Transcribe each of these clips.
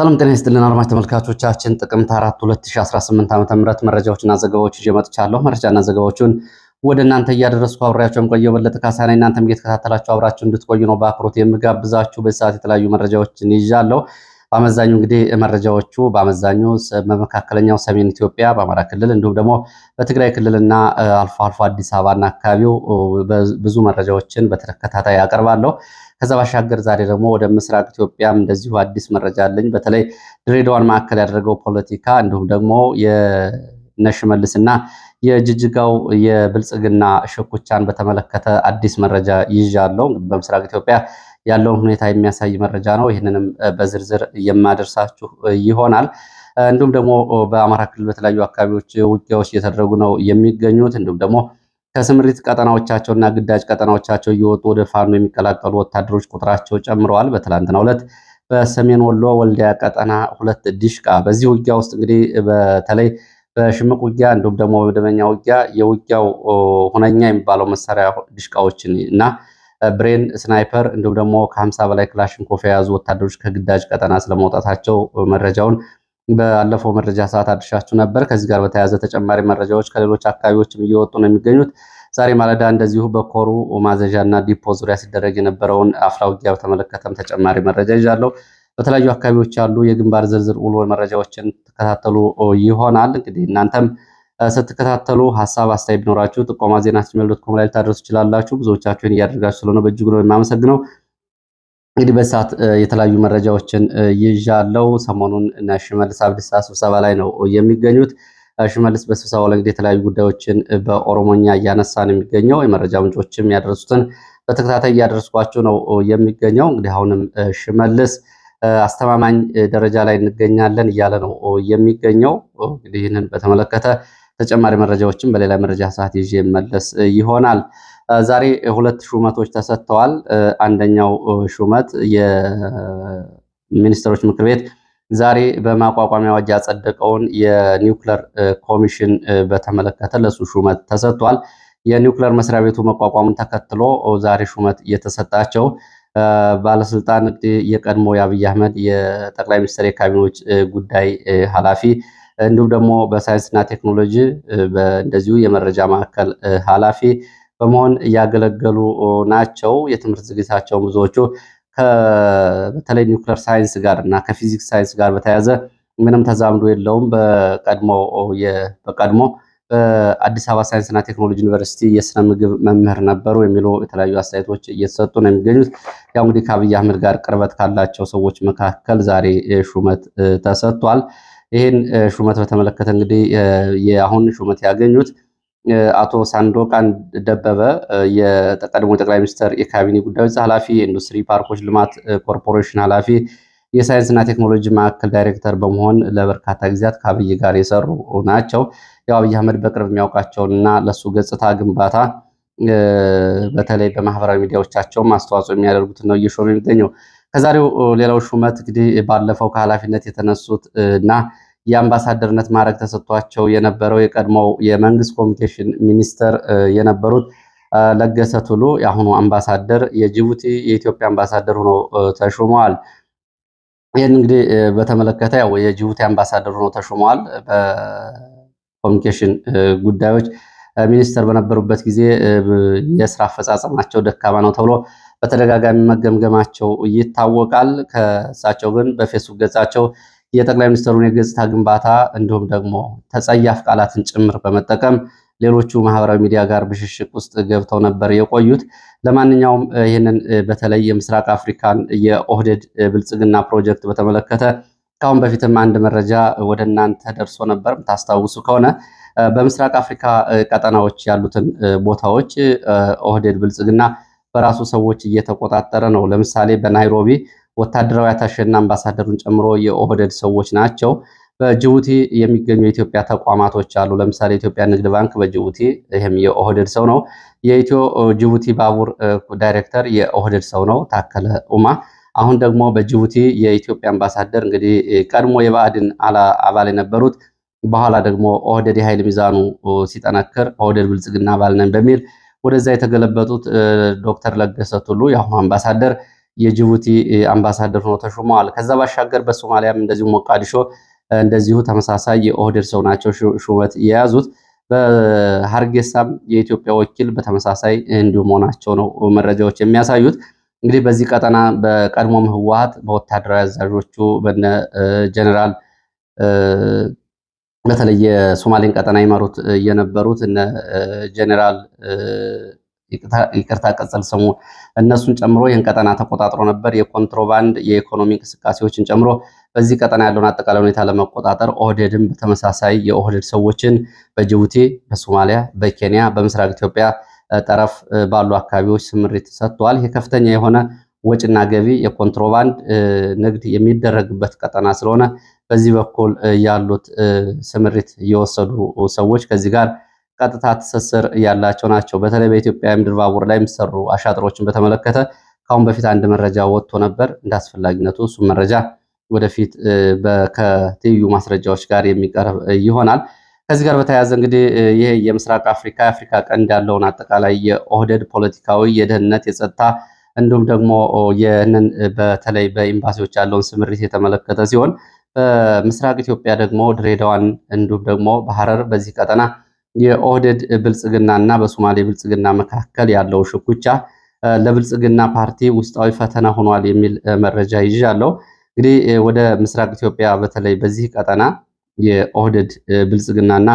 ሰላም ጤና ይስጥልን አድማጭ ተመልካቾቻችን፣ ጥቅምት 4 2018 ዓ.ም መረጃዎችና ዘገባዎች ይዤ መጥቻለሁ። መረጃና ዘገባዎቹን ወደ እናንተ እያደረስኩ አብሬያቸው ቆየው በለጠ ካሳ ነኝ። እናንተም እየተከታተላችሁ አብራችሁ እንድትቆዩ ነው በአክብሮት የምጋብዛችሁ። በዚህ ሰዓት የተለያዩ መረጃዎችን ይዣለሁ። በአመዛኙ እንግዲህ መረጃዎቹ በአመዛኙ በመካከለኛው ሰሜን ኢትዮጵያ በአማራ ክልል እንዲሁም ደግሞ በትግራይ ክልልና አልፎ አልፎ አዲስ አበባና አካባቢው ብዙ መረጃዎችን በተከታታይ አቀርባለሁ። ከዛ ባሻገር ዛሬ ደግሞ ወደ ምስራቅ ኢትዮጵያም እንደዚሁ አዲስ መረጃ አለኝ። በተለይ ድሬዳዋን ማዕከል ያደረገው ፖለቲካ እንዲሁም ደግሞ የነሽመልስና የጅጅጋው የብልጽግና ሽኩቻን በተመለከተ አዲስ መረጃ ይዣለሁ። በምስራቅ ኢትዮጵያ ያለውን ሁኔታ የሚያሳይ መረጃ ነው። ይህንንም በዝርዝር የማደርሳችሁ ይሆናል። እንዲሁም ደግሞ በአማራ ክልል በተለያዩ አካባቢዎች ውጊያዎች እየተደረጉ ነው የሚገኙት። እንዲሁም ደግሞ ከስምሪት ቀጠናዎቻቸውና ግዳጅ ቀጠናዎቻቸው እየወጡ ወደ ፋኖ የሚቀላቀሉ ወታደሮች ቁጥራቸው ጨምረዋል። በትላንትናው ዕለት በሰሜን ወሎ ወልዲያ ቀጠና ሁለት ዲሽቃ። በዚህ ውጊያ ውስጥ እንግዲህ በተለይ በሽምቅ ውጊያ እንዲሁም ደግሞ በመደበኛ ውጊያ የውጊያው ሁነኛ የሚባለው መሳሪያ ዲሽቃዎችን እና ብሬን ስናይፐር እንዲሁም ደግሞ ከሀምሳ 50 በላይ ክላሽንኮፍ የያዙ ወታደሮች ከግዳጅ ቀጠና ስለመውጣታቸው መረጃውን ባለፈው መረጃ ሰዓት አድርሻችሁ ነበር። ከዚህ ጋር በተያያዘ ተጨማሪ መረጃዎች ከሌሎች አካባቢዎችም እየወጡ ነው የሚገኙት። ዛሬ ማለዳ እንደዚሁ በኮሩ ማዘዣ እና ዲፖ ዙሪያ ሲደረግ የነበረውን አፍላ ውጊያ በተመለከተም ተጨማሪ መረጃ ይዣለሁ። በተለያዩ አካባቢዎች ያሉ የግንባር ዝርዝር ውሎ መረጃዎችን ተከታተሉ ይሆናል። እንግዲህ እናንተም ስትከታተሉ ሀሳብ አስተያየት ቢኖራችሁ ጥቆማ ዜና ጂሜል ዶት ኮም ላይ ልታደርሱ ትችላላችሁ። ብዙዎቻችሁን እያደርጋችሁ ስለሆነ በእጅጉ ነው የማመሰግነው። እንግዲህ በሰዓት የተለያዩ መረጃዎችን ይዣለው። ሰሞኑን እና ሽመልስ አብዲሳ ስብሰባ ላይ ነው የሚገኙት። ሽመልስ በስብሰባው ላይ እንግዲህ የተለያዩ ጉዳዮችን በኦሮሞኛ እያነሳ ነው የሚገኘው። የመረጃ ምንጮችም ያደረሱትን በተከታታይ እያደረስኳቸው ነው የሚገኘው። እንግዲህ አሁንም ሽመልስ አስተማማኝ ደረጃ ላይ እንገኛለን እያለ ነው የሚገኘው። እንግዲህ ይህንን በተመለከተ ተጨማሪ መረጃዎችን በሌላ መረጃ ሰዓት ይዤ መለስ ይሆናል። ዛሬ ሁለት ሹመቶች ተሰጥተዋል። አንደኛው ሹመት የሚኒስትሮች ምክር ቤት ዛሬ በማቋቋሚ አዋጅ ያጸደቀውን የኒውክለር ኮሚሽን በተመለከተ ለሱ ሹመት ተሰጥቷል። የኒውክለር መስሪያ ቤቱ መቋቋሙን ተከትሎ ዛሬ ሹመት እየተሰጣቸው ባለስልጣን እንግዲህ የቀድሞ የአብይ አህመድ የጠቅላይ ሚኒስትር የካቢኔዎች ጉዳይ ኃላፊ እንዲሁም ደግሞ በሳይንስና ቴክኖሎጂ እንደዚሁ የመረጃ ማዕከል ኃላፊ በመሆን እያገለገሉ ናቸው። የትምህርት ዝግጅታቸው ብዙዎቹ በተለይ ኒውክለር ሳይንስ ጋር እና ከፊዚክስ ሳይንስ ጋር በተያያዘ ምንም ተዛምዶ የለውም። በቀድሞ በአዲስ አበባ ሳይንስና ቴክኖሎጂ ዩኒቨርሲቲ የስነ ምግብ መምህር ነበሩ የሚሉ የተለያዩ አስተያየቶች እየተሰጡ ነው የሚገኙት። ያው እንግዲህ ከአብይ አህመድ ጋር ቅርበት ካላቸው ሰዎች መካከል ዛሬ ሹመት ተሰጥቷል። ይህን ሹመት በተመለከተ እንግዲህ የአሁን ሹመት ያገኙት አቶ ሳንዶቃን ደበበ የቀድሞ ጠቅላይ ሚኒስትር የካቢኔ ጉዳዮች ኃላፊ፣ የኢንዱስትሪ ፓርኮች ልማት ኮርፖሬሽን ኃላፊ፣ የሳይንስና ቴክኖሎጂ ማዕከል ዳይሬክተር በመሆን ለበርካታ ጊዜያት ከአብይ ጋር የሰሩ ናቸው። ያው አብይ አህመድ በቅርብ የሚያውቃቸውንና ለእሱ ገጽታ ግንባታ በተለይ በማህበራዊ ሚዲያዎቻቸውም አስተዋጽኦ የሚያደርጉትን ነው እየሾሙ የሚገኘው። ከዛሬው ሌላው ሹመት እንግዲህ ባለፈው ከኃላፊነት የተነሱት እና የአምባሳደርነት ማዕረግ ተሰጥቷቸው የነበረው የቀድሞው የመንግስት ኮሚኒኬሽን ሚኒስተር የነበሩት ለገሰ ቱሉ የአሁኑ አምባሳደር የጅቡቲ የኢትዮጵያ አምባሳደር ሆነው ተሹመዋል። ይህን እንግዲህ በተመለከተ ያው የጅቡቲ አምባሳደር ሆነው ተሹመዋል። በኮሚኒኬሽን ጉዳዮች ሚኒስተር በነበሩበት ጊዜ የስራ አፈጻጸማቸው ደካማ ነው ተብሎ በተደጋጋሚ መገምገማቸው ይታወቃል። ከእሳቸው ግን በፌስቡክ ገጻቸው የጠቅላይ ሚኒስትሩን የገጽታ ግንባታ እንዲሁም ደግሞ ተጸያፍ ቃላትን ጭምር በመጠቀም ሌሎቹ ማህበራዊ ሚዲያ ጋር ብሽሽቅ ውስጥ ገብተው ነበር የቆዩት። ለማንኛውም ይህንን በተለይ የምስራቅ አፍሪካን የኦህዴድ ብልጽግና ፕሮጀክት በተመለከተ ከአሁን በፊትም አንድ መረጃ ወደ እናንተ ደርሶ ነበር። ታስታውሱ ከሆነ በምስራቅ አፍሪካ ቀጠናዎች ያሉትን ቦታዎች ኦህዴድ ብልጽግና በራሱ ሰዎች እየተቆጣጠረ ነው። ለምሳሌ በናይሮቢ ወታደራዊ አታሸና አምባሳደሩን ጨምሮ የኦህደድ ሰዎች ናቸው። በጅቡቲ የሚገኙ የኢትዮጵያ ተቋማቶች አሉ። ለምሳሌ የኢትዮጵያ ንግድ ባንክ በጅቡቲ ይህም የኦህደድ ሰው ነው። የኢትዮ ጅቡቲ ባቡር ዳይሬክተር የኦህደድ ሰው ነው ታከለ ኡማ። አሁን ደግሞ በጅቡቲ የኢትዮጵያ አምባሳደር እንግዲህ ቀድሞ የባዕድን አባል የነበሩት በኋላ ደግሞ ኦህደድ የኃይል ሚዛኑ ሲጠነክር ኦህደድ ብልጽግና አባል ነን በሚል ወደዛ የተገለበጡት ዶክተር ለገሰ ቱሉ የአሁኑ አምባሳደር የጅቡቲ አምባሳደር ሆኖ ተሹመዋል። ከዛ ባሻገር በሶማሊያም እንደዚሁ ሞቃዲሾ እንደዚሁ ተመሳሳይ የኦህዴድ ሰው ናቸው ሹመት የያዙት። በሀርጌሳም የኢትዮጵያ ወኪል በተመሳሳይ እንዲሁ መሆናቸው ነው መረጃዎች የሚያሳዩት። እንግዲህ በዚህ ቀጠና በቀድሞም ህወሀት በወታደራዊ አዛዦቹ በነ ጀኔራል በተለይ የሶማሌን ቀጠና ይመሩት የነበሩት እነ ጀኔራል ይቅርታ ቀጽል ስሙ እነሱን ጨምሮ ይህን ቀጠና ተቆጣጥሮ ነበር። የኮንትሮባንድ የኢኮኖሚ እንቅስቃሴዎችን ጨምሮ በዚህ ቀጠና ያለውን አጠቃላይ ሁኔታ ለመቆጣጠር ኦህዴድም በተመሳሳይ የኦህዴድ ሰዎችን በጅቡቲ፣ በሶማሊያ፣ በኬንያ፣ በምስራቅ ኢትዮጵያ ጠረፍ ባሉ አካባቢዎች ስምሪት ሰጥተዋል። ይህ ከፍተኛ የሆነ ወጭና ገቢ የኮንትሮባንድ ንግድ የሚደረግበት ቀጠና ስለሆነ በዚህ በኩል ያሉት ስምሪት የወሰዱ ሰዎች ከዚህ ጋር ቀጥታ ትስስር ያላቸው ናቸው። በተለይ በኢትዮጵያ ምድር ባቡር ላይ የሚሰሩ አሻጥሮችን በተመለከተ ከአሁን በፊት አንድ መረጃ ወጥቶ ነበር። እንደ አስፈላጊነቱ እሱም መረጃ ወደፊት ከትይዩ ማስረጃዎች ጋር የሚቀርብ ይሆናል። ከዚህ ጋር በተያያዘ እንግዲህ ይሄ የምስራቅ አፍሪካ የአፍሪካ ቀንድ ያለውን አጠቃላይ የኦህደድ ፖለቲካዊ የደህንነት የጸጥታ እንዲሁም ደግሞ ይህንን በተለይ በኤምባሲዎች ያለውን ስምሪት የተመለከተ ሲሆን በምስራቅ ኢትዮጵያ ደግሞ ድሬዳዋን እንዲሁም ደግሞ በሐረር በዚህ ቀጠና የኦህደድ ብልጽግና እና በሶማሌ ብልጽግና መካከል ያለው ሽኩቻ ለብልጽግና ፓርቲ ውስጣዊ ፈተና ሆኗል የሚል መረጃ ይዣለሁ። እንግዲህ ወደ ምስራቅ ኢትዮጵያ በተለይ በዚህ ቀጠና የኦህደድ ብልጽግናና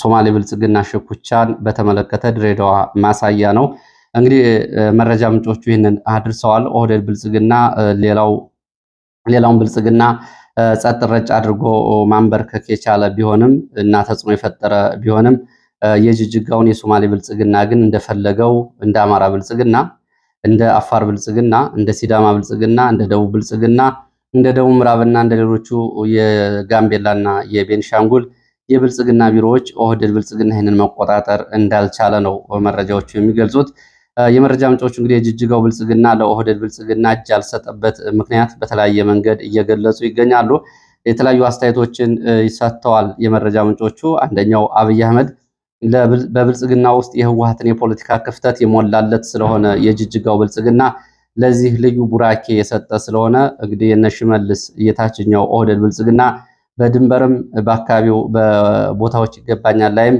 ሶማሌ ብልጽግና ሽኩቻን በተመለከተ ድሬዳዋ ማሳያ ነው። እንግዲህ መረጃ ምንጮቹ ይህንን አድርሰዋል። ኦህዴድ ብልጽግና ሌላውን ብልጽግና ጸጥ ረጭ አድርጎ ማንበርከክ የቻለ ቢሆንም እና ተጽዕኖ የፈጠረ ቢሆንም የጅጅጋውን የሶማሌ ብልጽግና ግን እንደፈለገው እንደ አማራ ብልጽግና፣ እንደ አፋር ብልጽግና፣ እንደ ሲዳማ ብልጽግና፣ እንደ ደቡብ ብልጽግና፣ እንደ ደቡብ ምዕራብና እንደ ሌሎቹ የጋምቤላና የቤንሻንጉል የብልጽግና ቢሮዎች ኦህዴድ ብልጽግና ይህንን መቆጣጠር እንዳልቻለ ነው መረጃዎቹ የሚገልጹት። የመረጃ ምንጮቹ እንግዲህ የጅጅጋው ብልጽግና ለኦህዴድ ብልጽግና እጅ ያልሰጠበት ምክንያት በተለያየ መንገድ እየገለጹ ይገኛሉ። የተለያዩ አስተያየቶችን ሰጥተዋል የመረጃ ምንጮቹ። አንደኛው አብይ አህመድ በብልጽግና ውስጥ የህወሀትን የፖለቲካ ክፍተት የሞላለት ስለሆነ የጅጅጋው ብልጽግና ለዚህ ልዩ ቡራኬ የሰጠ ስለሆነ እንግዲህ የነ ሽመልስ የታችኛው ኦህዴድ ብልጽግና በድንበርም በአካባቢው በቦታዎች ይገባኛል ላይም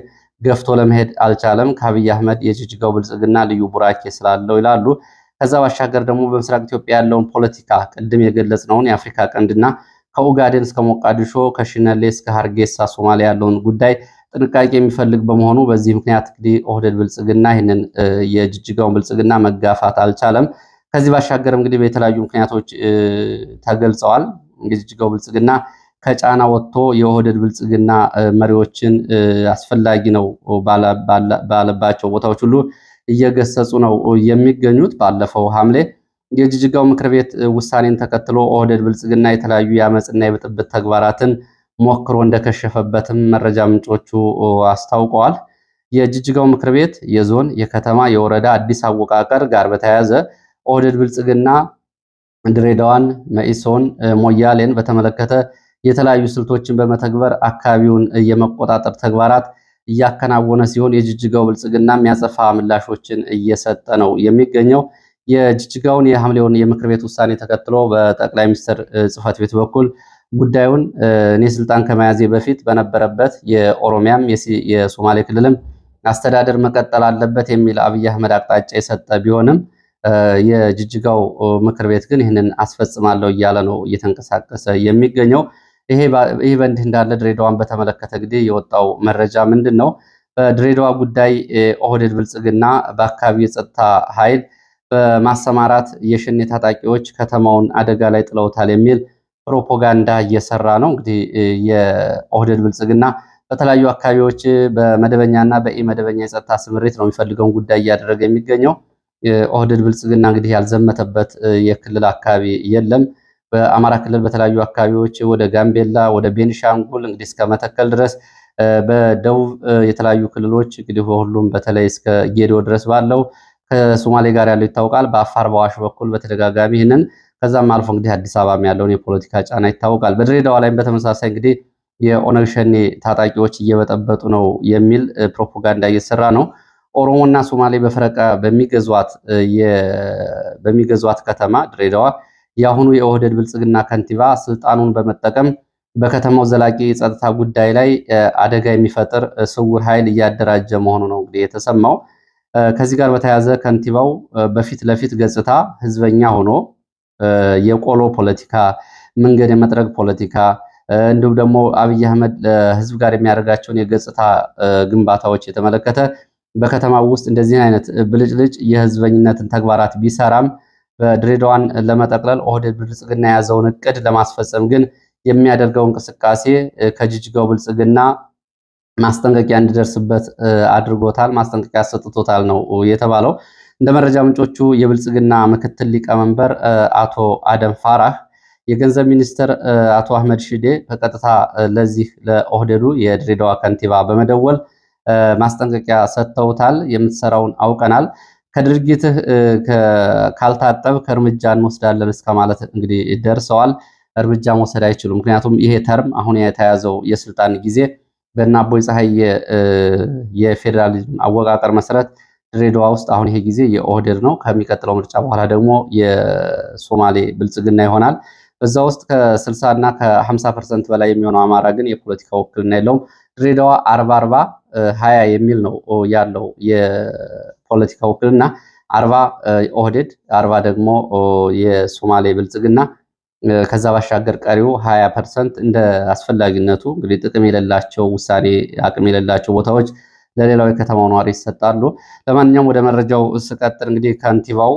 ገፍቶ ለመሄድ አልቻለም። ከአብይ አህመድ የጅጅጋው ብልጽግና ልዩ ቡራኬ ስላለው ይላሉ። ከዛ ባሻገር ደግሞ በምስራቅ ኢትዮጵያ ያለውን ፖለቲካ ቅድም የገለጽነውን የአፍሪካ ቀንድና ከኡጋዴን እስከ ሞቃዲሾ ከሽነሌ እስከ ሀርጌሳ ሶማሊያ ያለውን ጉዳይ ጥንቃቄ የሚፈልግ በመሆኑ በዚህ ምክንያት እንግዲህ ኦህደድ ብልጽግና ይህንን የጅጅጋውን ብልጽግና መጋፋት አልቻለም። ከዚህ ባሻገር እንግዲህ በተለያዩ ምክንያቶች ተገልጸዋል። የጅጅጋው ብልጽግና ከጫና ወጥቶ የኦህደድ ብልጽግና መሪዎችን አስፈላጊ ነው ባለባቸው ቦታዎች ሁሉ እየገሰጹ ነው የሚገኙት። ባለፈው ሐምሌ የጅጅጋው ምክር ቤት ውሳኔን ተከትሎ ኦህደድ ብልጽግና የተለያዩ የአመፅና የብጥብጥ ተግባራትን ሞክሮ እንደከሸፈበትም መረጃ ምንጮቹ አስታውቀዋል። የጅጅጋው ምክር ቤት የዞን የከተማ የወረዳ አዲስ አወቃቀር ጋር በተያያዘ ኦህደድ ብልጽግና ድሬዳዋን፣ መኢሶን፣ ሞያሌን በተመለከተ የተለያዩ ስልቶችን በመተግበር አካባቢውን የመቆጣጠር ተግባራት እያከናወነ ሲሆን የጅጅጋው ብልጽግና ያጸፋ ምላሾችን እየሰጠ ነው የሚገኘው። የጅጅጋውን የሐምሌውን የምክር ቤት ውሳኔ ተከትሎ በጠቅላይ ሚኒስትር ጽህፈት ቤት በኩል ጉዳዩን እኔ ስልጣን ከመያዜ በፊት በነበረበት የኦሮሚያም የሶማሌ ክልልም አስተዳደር መቀጠል አለበት የሚል አብይ አህመድ አቅጣጫ የሰጠ ቢሆንም የጅጅጋው ምክር ቤት ግን ይህንን አስፈጽማለሁ እያለ ነው እየተንቀሳቀሰ የሚገኘው። ይሄ በእንዲህ እንዳለ ድሬዳዋን በተመለከተ እንግዲህ የወጣው መረጃ ምንድን ነው? በድሬዳዋ ጉዳይ ኦህዴድ ብልጽግና በአካባቢ የጸጥታ ኃይል በማሰማራት የሸኔ ታጣቂዎች ከተማውን አደጋ ላይ ጥለውታል የሚል ፕሮፓጋንዳ እየሰራ ነው። እንግዲህ የኦህዴድ ብልጽግና በተለያዩ አካባቢዎች በመደበኛና በኢመደበኛ የጸጥታ ስምሪት ነው የሚፈልገውን ጉዳይ እያደረገ የሚገኘው። ኦህዴድ ብልጽግና እንግዲህ ያልዘመተበት የክልል አካባቢ የለም። በአማራ ክልል በተለያዩ አካባቢዎች ወደ ጋምቤላ፣ ወደ ቤንሻንጉል እንግዲህ እስከ መተከል ድረስ በደቡብ የተለያዩ ክልሎች እንግዲህ በሁሉም በተለይ እስከ ጌዲዮ ድረስ ባለው ከሶማሌ ጋር ያለው ይታወቃል። በአፋር በዋሽ በኩል በተደጋጋሚ ይህንን ከዛም አልፎ እንግዲህ አዲስ አበባም ያለውን የፖለቲካ ጫና ይታወቃል። በድሬዳዋ ላይም በተመሳሳይ እንግዲህ የኦነግ ሸኔ ታጣቂዎች እየበጠበጡ ነው የሚል ፕሮፓጋንዳ እየሰራ ነው። ኦሮሞና ሶማሌ በፈረቃ በሚገዟት ከተማ ድሬዳዋ የአሁኑ የኦህደድ ብልጽግና ከንቲባ ስልጣኑን በመጠቀም በከተማው ዘላቂ የጸጥታ ጉዳይ ላይ አደጋ የሚፈጥር ስውር ኃይል እያደራጀ መሆኑ ነው እንግዲህ የተሰማው። ከዚህ ጋር በተያያዘ ከንቲባው በፊት ለፊት ገጽታ ህዝበኛ ሆኖ የቆሎ ፖለቲካ፣ መንገድ የመጥረግ ፖለቲካ እንዲሁም ደግሞ አብይ አህመድ ህዝብ ጋር የሚያደርጋቸውን የገጽታ ግንባታዎች የተመለከተ በከተማው ውስጥ እንደዚህ አይነት ብልጭልጭ የህዝበኝነትን ተግባራት ቢሰራም በድሬዳዋን ለመጠቅለል ኦህዴድ ብልጽግና የያዘውን እቅድ ለማስፈጸም ግን የሚያደርገው እንቅስቃሴ ከጅጅጋው ብልጽግና ማስጠንቀቂያ እንዲደርስበት አድርጎታል። ማስጠንቀቂያ ሰጥቶታል ነው የተባለው። እንደ መረጃ ምንጮቹ የብልጽግና ምክትል ሊቀመንበር አቶ አደም ፋራህ፣ የገንዘብ ሚኒስትር አቶ አህመድ ሽዴ በቀጥታ ለዚህ ለኦህዴዱ የድሬዳዋ ከንቲባ በመደወል ማስጠንቀቂያ ሰጥተውታል። የምትሰራውን አውቀናል ከድርጊትህ ካልታጠብ ከእርምጃ እንወስዳለን እስከ ማለት እንግዲህ ደርሰዋል። እርምጃ መውሰድ አይችሉም። ምክንያቱም ይሄ ተርም አሁን የተያዘው የስልጣን ጊዜ በእነ አቦይ ፀሐይ የፌዴራሊዝም አወቃቀር መሰረት ድሬዳዋ ውስጥ አሁን ይሄ ጊዜ የኦህዴድ ነው። ከሚቀጥለው ምርጫ በኋላ ደግሞ የሶማሌ ብልጽግና ይሆናል። በዛ ውስጥ ከ60 እና ከ ፐርሰንት በላይ የሚሆነው አማራ ግን የፖለቲካ ውክልና የለውም። ድሬዳዋ አርባ አርባ ሀያ የሚል ነው ያለው ፖለቲካ ውክልና አርባ ኦህዴድ አርባ ደግሞ የሶማሌ ብልጽግና ከዛ ባሻገር ቀሪው ሀያ ፐርሰንት እንደ አስፈላጊነቱ እንግዲህ ጥቅም የሌላቸው ውሳኔ አቅም የሌላቸው ቦታዎች ለሌላው የከተማው ነዋሪ ይሰጣሉ። ለማንኛውም ወደ መረጃው ስቀጥል እንግዲህ ከንቲባው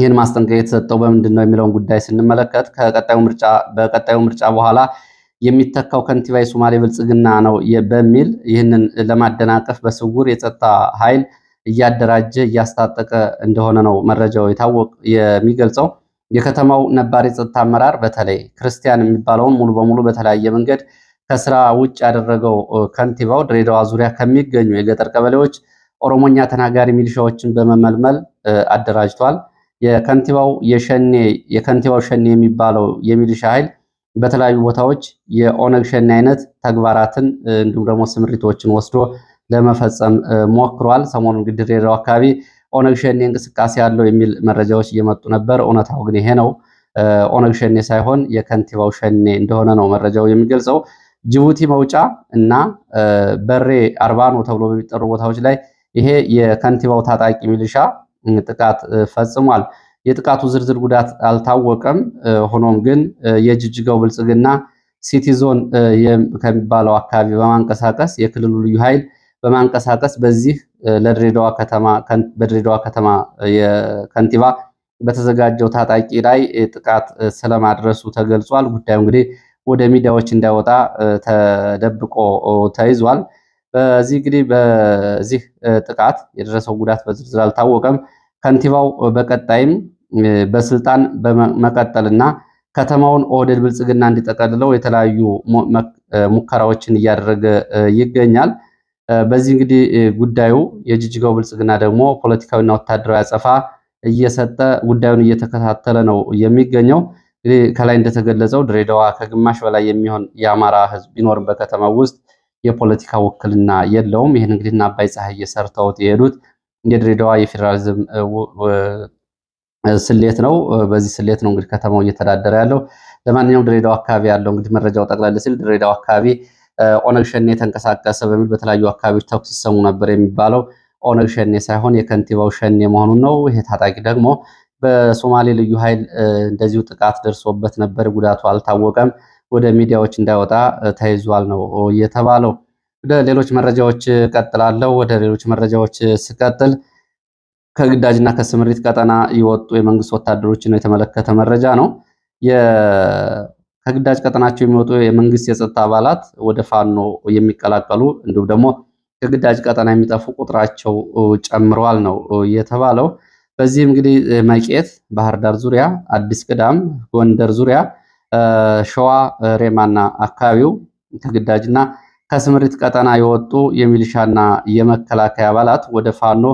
ይህን ማስጠንቀቂያ የተሰጠው በምንድን ነው የሚለውን ጉዳይ ስንመለከት ከቀጣዩ ምርጫ በቀጣዩ ምርጫ በኋላ የሚተካው ከንቲባ የሶማሌ ብልጽግና ነው በሚል ይህንን ለማደናቀፍ በስውር የጸጥታ ኃይል እያደራጀ እያስታጠቀ እንደሆነ ነው መረጃው የታወቅ የሚገልጸው። የከተማው ነባር የጸጥታ አመራር በተለይ ክርስቲያን የሚባለውን ሙሉ በሙሉ በተለያየ መንገድ ከስራ ውጭ ያደረገው ከንቲባው ድሬዳዋ ዙሪያ ከሚገኙ የገጠር ቀበሌዎች ኦሮሞኛ ተናጋሪ ሚሊሻዎችን በመመልመል አደራጅቷል። የከንቲባው የሸኔ የከንቲባው ሸኔ የሚባለው የሚሊሻ ኃይል በተለያዩ ቦታዎች የኦነግ ሸኔ አይነት ተግባራትን እንዲሁም ደግሞ ስምሪቶችን ወስዶ ለመፈጸም ሞክሯል። ሰሞኑን እንግዲህ ድሬዳዋ አካባቢ ኦነግ ሸኔ እንቅስቃሴ አለው የሚል መረጃዎች እየመጡ ነበር። እውነታው ግን ይሄ ነው። ኦነግ ሸኔ ሳይሆን የከንቲባው ሸኔ እንደሆነ ነው መረጃው የሚገልጸው። ጅቡቲ መውጫ እና በሬ አርባኖ ተብሎ በሚጠሩ ቦታዎች ላይ ይሄ የከንቲባው ታጣቂ ሚሊሻ ጥቃት ፈጽሟል። የጥቃቱ ዝርዝር ጉዳት አልታወቀም። ሆኖም ግን የጅጅጋው ብልጽግና ሲቲዞን ከሚባለው አካባቢ በማንቀሳቀስ የክልሉ ልዩ ኃይል በማንቀሳቀስ በዚህ በድሬዳዋ ከተማ ከንቲባ በተዘጋጀው ታጣቂ ላይ ጥቃት ስለማድረሱ ተገልጿል። ጉዳዩ እንግዲህ ወደ ሚዲያዎች እንዳይወጣ ተደብቆ ተይዟል። በዚህ እንግዲህ በዚህ ጥቃት የደረሰው ጉዳት በዝርዝር አልታወቀም። ከንቲባው በቀጣይም በስልጣን በመቀጠልና ከተማውን ኦህደድ ብልጽግና እንዲጠቀልለው የተለያዩ ሙከራዎችን እያደረገ ይገኛል። በዚህ እንግዲህ ጉዳዩ የጅጅጋው ብልጽግና ደግሞ ፖለቲካዊና ወታደራዊ አጸፋ እየሰጠ ጉዳዩን እየተከታተለ ነው የሚገኘው። እንግዲህ ከላይ እንደተገለጸው ድሬዳዋ ከግማሽ በላይ የሚሆን የአማራ ሕዝብ ቢኖርም በከተማው ውስጥ የፖለቲካ ውክልና የለውም። ይህን እንግዲህ እና አባይ ፀሐይ ሰርተውት የሄዱት የድሬዳዋ የፌዴራሊዝም ስሌት ነው። በዚህ ስሌት ነው እንግዲህ ከተማው እየተዳደረ ያለው። ለማንኛውም ድሬዳዋ አካባቢ ያለው እንግዲህ መረጃው ጠቅላላ ሲል ድሬዳዋ አካባቢ ኦነግ ሸኔ የተንቀሳቀሰ በሚል በተለያዩ አካባቢዎች ተኩስ ሲሰሙ ነበር የሚባለው ኦነግ ሸኔ ሳይሆን የከንቲባው ሸኔ መሆኑን ነው። ይሄ ታጣቂ ደግሞ በሶማሌ ልዩ ኃይል እንደዚሁ ጥቃት ደርሶበት ነበር። ጉዳቱ አልታወቀም። ወደ ሚዲያዎች እንዳይወጣ ተይዟል ነው እየተባለው። ወደ ሌሎች መረጃዎች ቀጥላለሁ። ወደ ሌሎች መረጃዎች ስቀጥል ከግዳጅና ከስምሪት ቀጠና የወጡ የመንግስት ወታደሮችን የተመለከተ መረጃ ነው። ከግዳጅ ቀጠናቸው የሚወጡ የመንግስት የጸጥታ አባላት ወደ ፋኖ የሚቀላቀሉ እንዲሁም ደግሞ ከግዳጅ ቀጠና የሚጠፉ ቁጥራቸው ጨምረዋል ነው የተባለው። በዚህም እንግዲህ መቄት፣ ባህር ዳር ዙሪያ፣ አዲስ ቅዳም፣ ጎንደር ዙሪያ፣ ሸዋ ሬማና አካባቢው ከግዳጅና ከስምሪት ቀጠና የወጡ የሚሊሻና የመከላከያ አባላት ወደ ፋኖ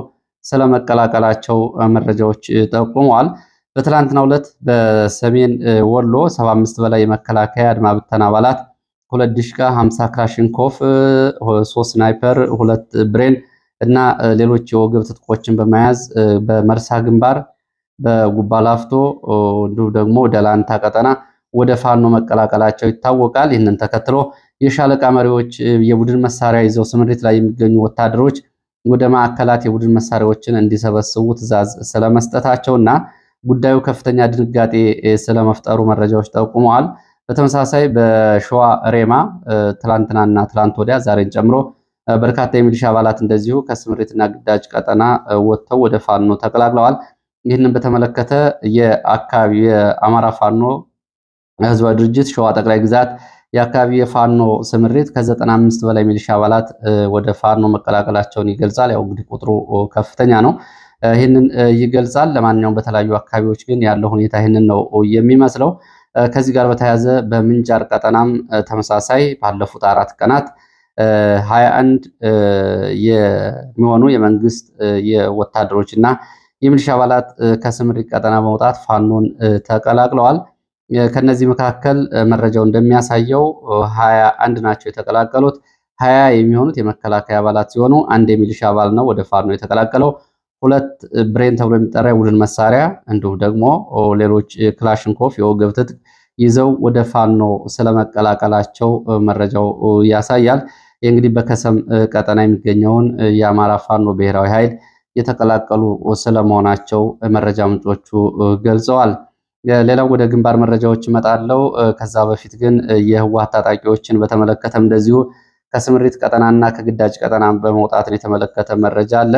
ስለመቀላቀላቸው መረጃዎች ጠቁመዋል። በትላንትናው ዕለት በሰሜን ወሎ 75 በላይ የመከላከያ አድማ ብተና አባላት ሁለት ድሽቃ፣ 50 ክላሽንኮፍ ሶስት ስናይፐር ሁለት ብሬን እና ሌሎች የወገብ ትጥቆችን በመያዝ በመርሳ ግንባር በጉባላፍቶ እንዲሁም ደግሞ ደላንታ ቀጠና ወደ ፋኖ መቀላቀላቸው ይታወቃል። ይህንን ተከትሎ የሻለቃ መሪዎች የቡድን መሳሪያ ይዘው ስምሪት ላይ የሚገኙ ወታደሮች ወደ ማዕከላት የቡድን መሳሪያዎችን እንዲሰበስቡ ትዕዛዝ እና ጉዳዩ ከፍተኛ ድንጋጤ ስለመፍጠሩ መረጃዎች ጠቁመዋል። በተመሳሳይ በሸዋ ሬማ ትላንትናና ትላንት ወዲያ ዛሬን ጨምሮ በርካታ የሚሊሻ አባላት እንደዚሁ ከስምሪትና ግዳጅ ቀጠና ወጥተው ወደ ፋኖ ተቀላቅለዋል። ይህንን በተመለከተ የአካባቢ የአማራ ፋኖ ህዝባዊ ድርጅት ሸዋ ጠቅላይ ግዛት የአካባቢ የፋኖ ስምሪት ከዘጠና አምስት በላይ ሚሊሻ አባላት ወደ ፋኖ መቀላቀላቸውን ይገልጻል። ያው እንግዲህ ቁጥሩ ከፍተኛ ነው። ይህንን ይገልጻል። ለማንኛውም በተለያዩ አካባቢዎች ግን ያለው ሁኔታ ይህንን ነው የሚመስለው። ከዚህ ጋር በተያያዘ በምንጃር ቀጠናም ተመሳሳይ ባለፉት አራት ቀናት ሀያ አንድ የሚሆኑ የመንግስት የወታደሮች እና የሚሊሻ አባላት ከስምሪት ቀጠና በመውጣት ፋኖን ተቀላቅለዋል። ከነዚህ መካከል መረጃው እንደሚያሳየው ሀያ አንድ ናቸው የተቀላቀሉት። ሀያ የሚሆኑት የመከላከያ አባላት ሲሆኑ አንድ የሚሊሻ አባል ነው ወደ ፋኖ የተቀላቀለው። ሁለት ብሬን ተብሎ የሚጠራ የቡድን መሳሪያ እንዲሁም ደግሞ ሌሎች ክላሽንኮፍ የወገብ ትጥቅ ይዘው ወደ ፋኖ ስለመቀላቀላቸው መረጃው ያሳያል። ይህ እንግዲህ በከሰም ቀጠና የሚገኘውን የአማራ ፋኖ ብሔራዊ ኃይል የተቀላቀሉ ስለመሆናቸው መረጃ ምንጮቹ ገልጸዋል። ሌላው ወደ ግንባር መረጃዎች እመጣለሁ። ከዛ በፊት ግን የህወሓት ታጣቂዎችን በተመለከተም እንደዚሁ ከስምሪት ቀጠናና ከግዳጅ ቀጠና በመውጣትን የተመለከተ መረጃ አለ።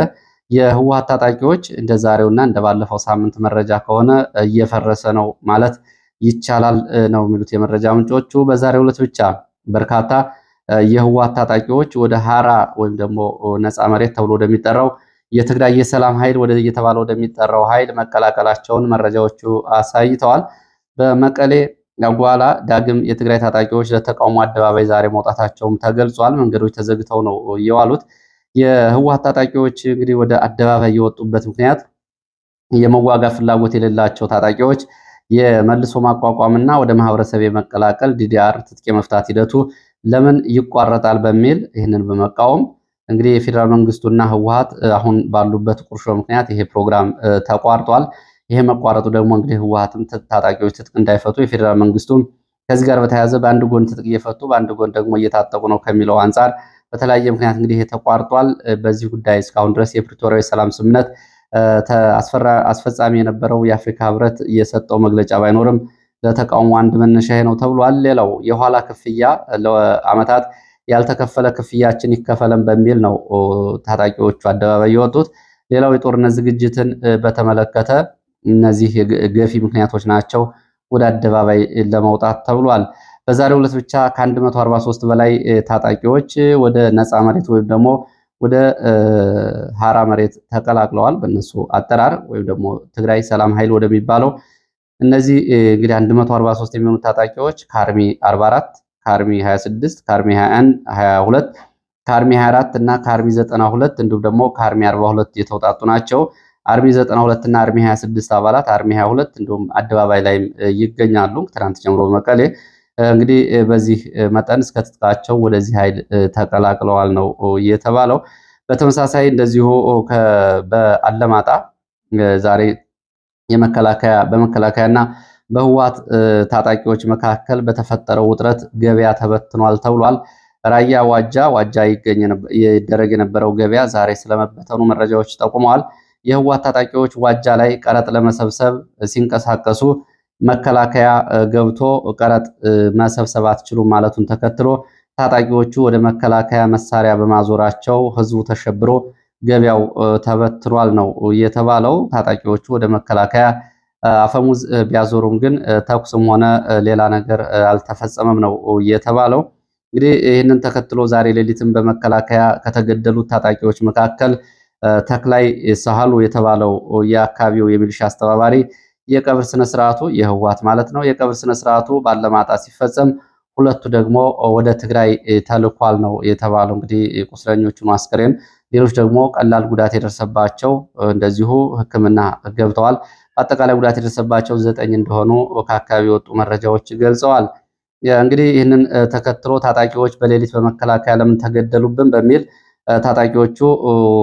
የህወሀት ታጣቂዎች እንደ ዛሬውና እንደ ባለፈው ሳምንት መረጃ ከሆነ እየፈረሰ ነው ማለት ይቻላል ነው የሚሉት የመረጃ ምንጮቹ። በዛሬው ዕለት ብቻ በርካታ የህወሀት ታጣቂዎች ወደ ሀራ ወይም ደግሞ ነፃ መሬት ተብሎ ወደሚጠራው የትግራይ የሰላም ኃይል ወደ እየተባለ ወደሚጠራው ኃይል መቀላቀላቸውን መረጃዎቹ አሳይተዋል። በመቀሌ ጓላ ዳግም የትግራይ ታጣቂዎች ለተቃውሞ አደባባይ ዛሬ መውጣታቸውም ተገልጿል። መንገዶች ተዘግተው ነው የዋሉት። የህወሓት ታጣቂዎች እንግዲህ ወደ አደባባይ የወጡበት ምክንያት የመዋጋ ፍላጎት የሌላቸው ታጣቂዎች የመልሶ ማቋቋምና ወደ ማህበረሰብ የመቀላቀል ዲዲአር ትጥቅ የመፍታት ሂደቱ ለምን ይቋረጣል በሚል ይህንን በመቃወም እንግዲህ የፌዴራል መንግስቱና ህወሓት አሁን ባሉበት ቁርሾ ምክንያት ይሄ ፕሮግራም ተቋርጧል። ይሄ መቋረጡ ደግሞ እንግዲህ ህወሓትም ታጣቂዎች ትጥቅ እንዳይፈቱ የፌዴራል መንግስቱም ከዚህ ጋር በተያያዘ በአንድ ጎን ትጥቅ እየፈቱ በአንድ ጎን ደግሞ እየታጠቁ ነው ከሚለው አንጻር በተለያየ ምክንያት እንግዲህ ተቋርጧል። በዚህ ጉዳይ እስካሁን ድረስ የፕሪቶሪያዊ ሰላም ስምምነት አስፈጻሚ የነበረው የአፍሪካ ህብረት የሰጠው መግለጫ ባይኖርም ለተቃውሞ አንድ መነሻ ነው ተብሏል። ሌላው የኋላ ክፍያ ለአመታት ያልተከፈለ ክፍያችን ይከፈለን በሚል ነው ታጣቂዎቹ አደባባይ የወጡት። ሌላው የጦርነት ዝግጅትን በተመለከተ እነዚህ ገፊ ምክንያቶች ናቸው ወደ አደባባይ ለመውጣት ተብሏል። በዛሬው ዕለት ብቻ ከ143 በላይ ታጣቂዎች ወደ ነፃ መሬት ወይም ደግሞ ወደ ሀራ መሬት ተቀላቅለዋል። በእነሱ አጠራር ወይም ደግሞ ትግራይ ሰላም ኃይል ወደሚባለው እነዚህ እንግዲህ 143 የሚሆኑ ታጣቂዎች ከአርሚ 44 ከአርሚ 26 ከአርሚ 21 22 ከአርሚ 24 እና ከአርሚ 92 እንዲሁም ደግሞ ከአርሚ 42 የተውጣጡ ናቸው። አርሚ 92 እና አርሚ 26 አባላት አርሚ 22 እንዲሁም አደባባይ ላይም ይገኛሉ። ትናንት ጀምሮ በመቀሌ እንግዲህ በዚህ መጠን እስከ ትጥቃቸው ወደዚህ ኃይል ተቀላቅለዋል ነው የተባለው። በተመሳሳይ እንደዚሁ በአለማጣ ዛሬ የመከላከያ በመከላከያና በህዋት ታጣቂዎች መካከል በተፈጠረው ውጥረት ገበያ ተበትኗል ተብሏል። ራያ ዋጃ ዋጃ ይደረግ የነበረው ገበያ ዛሬ ስለመበተኑ መረጃዎች ጠቁመዋል። የህዋት ታጣቂዎች ዋጃ ላይ ቀረጥ ለመሰብሰብ ሲንቀሳቀሱ መከላከያ ገብቶ ቀረጥ መሰብሰብ አትችሉም ማለቱን ተከትሎ ታጣቂዎቹ ወደ መከላከያ መሳሪያ በማዞራቸው ህዝቡ ተሸብሮ ገበያው ተበትሯል ነው የተባለው። ታጣቂዎቹ ወደ መከላከያ አፈሙዝ ቢያዞሩም ግን ተኩስም ሆነ ሌላ ነገር አልተፈጸመም ነው የተባለው። እንግዲህ ይህንን ተከትሎ ዛሬ ሌሊትም በመከላከያ ከተገደሉት ታጣቂዎች መካከል ተክላይ ሳህሉ የተባለው የአካባቢው የሚሊሻ አስተባባሪ የቀብር ስነስርዓቱ የህዋት ማለት ነው። የቀብር ስነስርዓቱ ባለማጣ ሲፈጸም ሁለቱ ደግሞ ወደ ትግራይ ተልኳል ነው የተባለው። እንግዲህ ቁስለኞቹ አስከሬን፣ ሌሎች ደግሞ ቀላል ጉዳት የደረሰባቸው እንደዚሁ ሕክምና ገብተዋል። በአጠቃላይ ጉዳት የደረሰባቸው ዘጠኝ እንደሆኑ ከአካባቢ የወጡ መረጃዎች ገልጸዋል። እንግዲህ ይህንን ተከትሎ ታጣቂዎች በሌሊት በመከላከያ ለምን ተገደሉብን በሚል ታጣቂዎቹ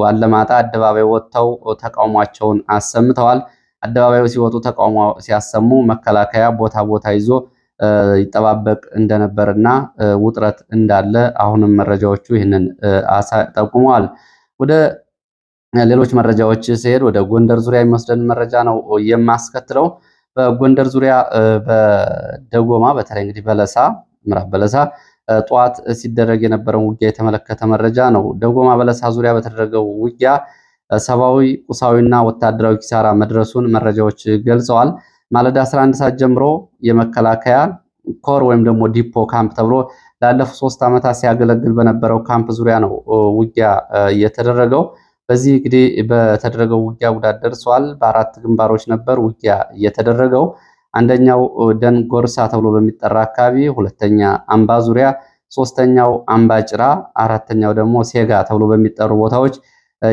አለማጣ አደባባይ ወጥተው ተቃውሟቸውን አሰምተዋል። አደባባዩ ሲወጡ ተቃውሞ ሲያሰሙ መከላከያ ቦታ ቦታ ይዞ ይጠባበቅ እንደነበርና ውጥረት እንዳለ አሁንም መረጃዎቹ ይህንን ጠቁመዋል። ወደ ሌሎች መረጃዎች ሲሄድ ወደ ጎንደር ዙሪያ የሚወስደን መረጃ ነው የማስከትለው። በጎንደር ዙሪያ በደጎማ በተለይ እንግዲህ በለሳ ምዕራብ በለሳ ጠዋት ሲደረግ የነበረውን ውጊያ የተመለከተ መረጃ ነው። ደጎማ በለሳ ዙሪያ በተደረገው ውጊያ ሰብአዊ ቁሳዊና ወታደራዊ ኪሳራ መድረሱን መረጃዎች ገልጸዋል። ማለዳ 11 ሰዓት ጀምሮ የመከላከያ ኮር ወይም ደግሞ ዲፖ ካምፕ ተብሎ ላለፉት ሶስት ዓመታት ሲያገለግል በነበረው ካምፕ ዙሪያ ነው ውጊያ የተደረገው። በዚህ እንግዲህ በተደረገው ውጊያ ጉዳት ደርሷል። በአራት ግንባሮች ነበር ውጊያ የተደረገው። አንደኛው ደን ጎርሳ ተብሎ በሚጠራ አካባቢ፣ ሁለተኛ አምባ ዙሪያ፣ ሶስተኛው አምባ ጭራ፣ አራተኛው ደግሞ ሴጋ ተብሎ በሚጠሩ ቦታዎች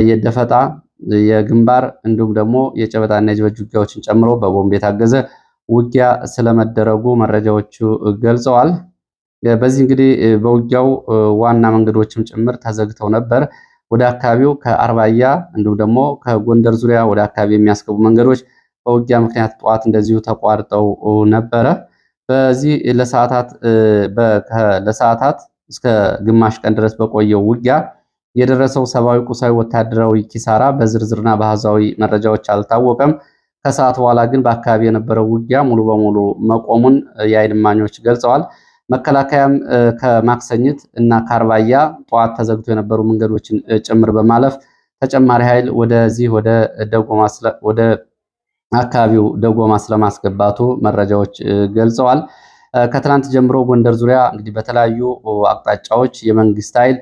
የደፈጣ የግንባር እንዲሁም ደግሞ የጨበጣና የጅበጅ ውጊያዎችን ጨምሮ በቦምብ የታገዘ ውጊያ ስለመደረጉ መረጃዎቹ ገልጸዋል። በዚህ እንግዲህ በውጊያው ዋና መንገዶችም ጭምር ተዘግተው ነበር። ወደ አካባቢው ከአርባያ እንዲሁም ደግሞ ከጎንደር ዙሪያ ወደ አካባቢ የሚያስገቡ መንገዶች በውጊያ ምክንያት ጠዋት እንደዚሁ ተቋርጠው ነበረ። በዚህ ለሰዓታት እስከ ግማሽ ቀን ድረስ በቆየው ውጊያ የደረሰው ሰብአዊ፣ ቁሳዊ፣ ወታደራዊ ኪሳራ በዝርዝርና በአሃዛዊ መረጃዎች አልታወቀም። ከሰዓት በኋላ ግን በአካባቢ የነበረው ውጊያ ሙሉ በሙሉ መቆሙን የዓይን እማኞች ገልጸዋል። መከላከያም ከማክሰኝት እና ከአርባያ ጠዋት ተዘግቶ የነበሩ መንገዶችን ጭምር በማለፍ ተጨማሪ ኃይል ወደዚህ ወደ አካባቢው ደጎማ ስለማስገባቱ መረጃዎች ገልጸዋል። ከትናንት ጀምሮ ጎንደር ዙሪያ እንግዲህ በተለያዩ አቅጣጫዎች የመንግስት ኃይል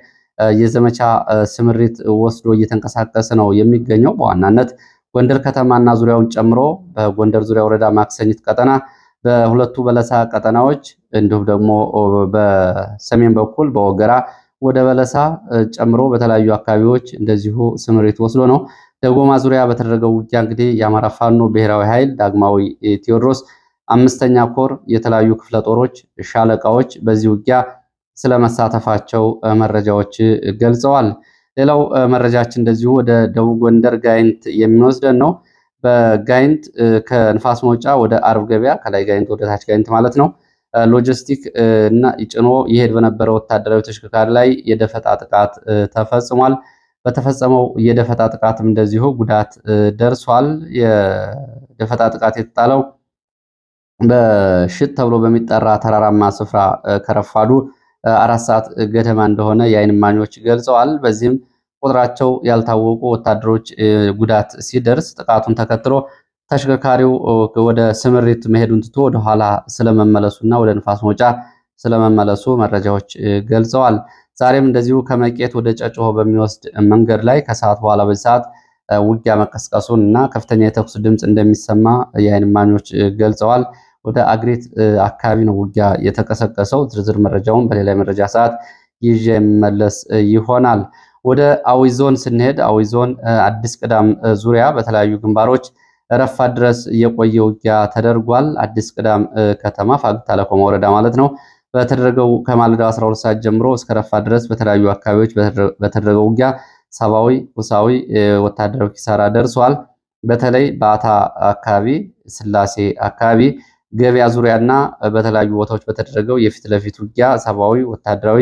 የዘመቻ ስምሪት ወስዶ እየተንቀሳቀሰ ነው የሚገኘው። በዋናነት ጎንደር ከተማና ዙሪያውን ጨምሮ በጎንደር ዙሪያ ወረዳ ማክሰኝት ቀጠና፣ በሁለቱ በለሳ ቀጠናዎች እንዲሁም ደግሞ በሰሜን በኩል በወገራ ወደ በለሳ ጨምሮ በተለያዩ አካባቢዎች እንደዚሁ ስምሪት ወስዶ ነው። ደጎማ ዙሪያ በተደረገው ውጊያ እንግዲህ የአማራ ፋኖ ብሔራዊ ኃይል ዳግማዊ ቴዎድሮስ አምስተኛ ኮር የተለያዩ ክፍለ ጦሮች፣ ሻለቃዎች በዚህ ውጊያ ስለመሳተፋቸው መረጃዎች ገልጸዋል። ሌላው መረጃችን እንደዚሁ ወደ ደቡብ ጎንደር ጋይንት የሚወስደን ነው። በጋይንት ከንፋስ መውጫ ወደ አርብ ገበያ ከላይ ጋይንት ወደ ታች ጋይንት ማለት ነው ሎጂስቲክ እና ጭኖ ይሄድ በነበረ ወታደራዊ ተሽከርካሪ ላይ የደፈጣ ጥቃት ተፈጽሟል። በተፈጸመው የደፈጣ ጥቃትም እንደዚሁ ጉዳት ደርሷል። የደፈጣ ጥቃት የተጣለው በሽት ተብሎ በሚጠራ ተራራማ ስፍራ ከረፋዱ አራት ሰዓት ገደማ እንደሆነ የአይን እማኞች ገልጸዋል። በዚህም ቁጥራቸው ያልታወቁ ወታደሮች ጉዳት ሲደርስ ጥቃቱን ተከትሎ ተሽከርካሪው ወደ ስምሪት መሄዱን ትቶ ወደኋላ ስለመመለሱና ወደ ንፋስ መውጫ ስለመመለሱ መረጃዎች ገልጸዋል። ዛሬም እንደዚሁ ከመቄት ወደ ጨጮሆ በሚወስድ መንገድ ላይ ከሰዓት በኋላ በዚህ ሰዓት ውጊያ መቀስቀሱን እና ከፍተኛ የተኩስ ድምፅ እንደሚሰማ የአይን እማኞች ገልጸዋል። ወደ አግሬት አካባቢ ነው ውጊያ የተቀሰቀሰው። ዝርዝር መረጃውን በሌላ መረጃ ሰዓት ይዤ የምመለስ ይሆናል። ወደ አዊ ዞን ስንሄድ አዊ ዞን አዲስ ቅዳም ዙሪያ በተለያዩ ግንባሮች ረፋ ድረስ የቆየ ውጊያ ተደርጓል። አዲስ ቅዳም ከተማ ፋግታ ለኮማ ወረዳ ማለት ነው። በተደረገው ከማለዳው 12 ሰዓት ጀምሮ እስከ ረፋ ድረስ በተለያዩ አካባቢዎች በተደረገው ውጊያ ሰብአዊ፣ ቁሳዊ፣ ወታደራዊ ኪሳራ ደርሷል። በተለይ በአታ አካባቢ፣ ስላሴ አካባቢ ገበያ ዙሪያና በተለያዩ ቦታዎች በተደረገው የፊት ለፊት ውጊያ ሰብአዊ፣ ወታደራዊ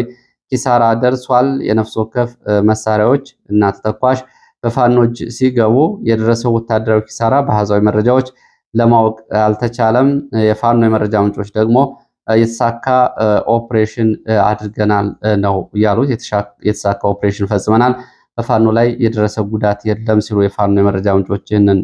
ኪሳራ ደርሷል። የነፍስ ወከፍ መሳሪያዎች እና ተተኳሽ በፋኖች ሲገቡ የደረሰው ወታደራዊ ኪሳራ በአሃዛዊ መረጃዎች ለማወቅ አልተቻለም። የፋኖ የመረጃ ምንጮች ደግሞ የተሳካ ኦፕሬሽን አድርገናል ነው ያሉት። የተሳካ ኦፕሬሽን ፈጽመናል፣ በፋኖ ላይ የደረሰ ጉዳት የለም ሲሉ የፋኖ የመረጃ ምንጮች ይህንን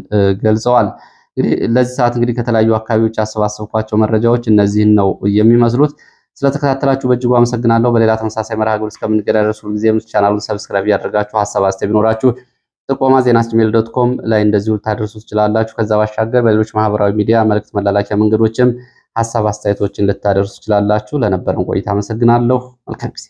ገልጸዋል። እንግዲህ ለዚህ ሰዓት እንግዲህ ከተለያዩ አካባቢዎች ያሰባሰብኳቸው መረጃዎች እነዚህን ነው የሚመስሉት። ስለተከታተላችሁ በእጅጉ አመሰግናለሁ። በሌላ ተመሳሳይ መርሃ ግብር እስከምንገናኝ ድረስ ቻናሉን ሰብስክራይብ ያደርጋችሁ ሀሳብ አስተያየት ቢኖራችሁ ጥቆማ ዜና ጂሜል ዶት ኮም ላይ እንደዚሁ ልታደርሱ ትችላላችሁ። ከዛ ባሻገር በሌሎች ማህበራዊ ሚዲያ መልእክት መላላኪያ መንገዶችም ሀሳብ አስተያየቶችን ልታደርሱ ትችላላችሁ። ለነበረን ቆይታ አመሰግናለሁ። መልካም ጊዜ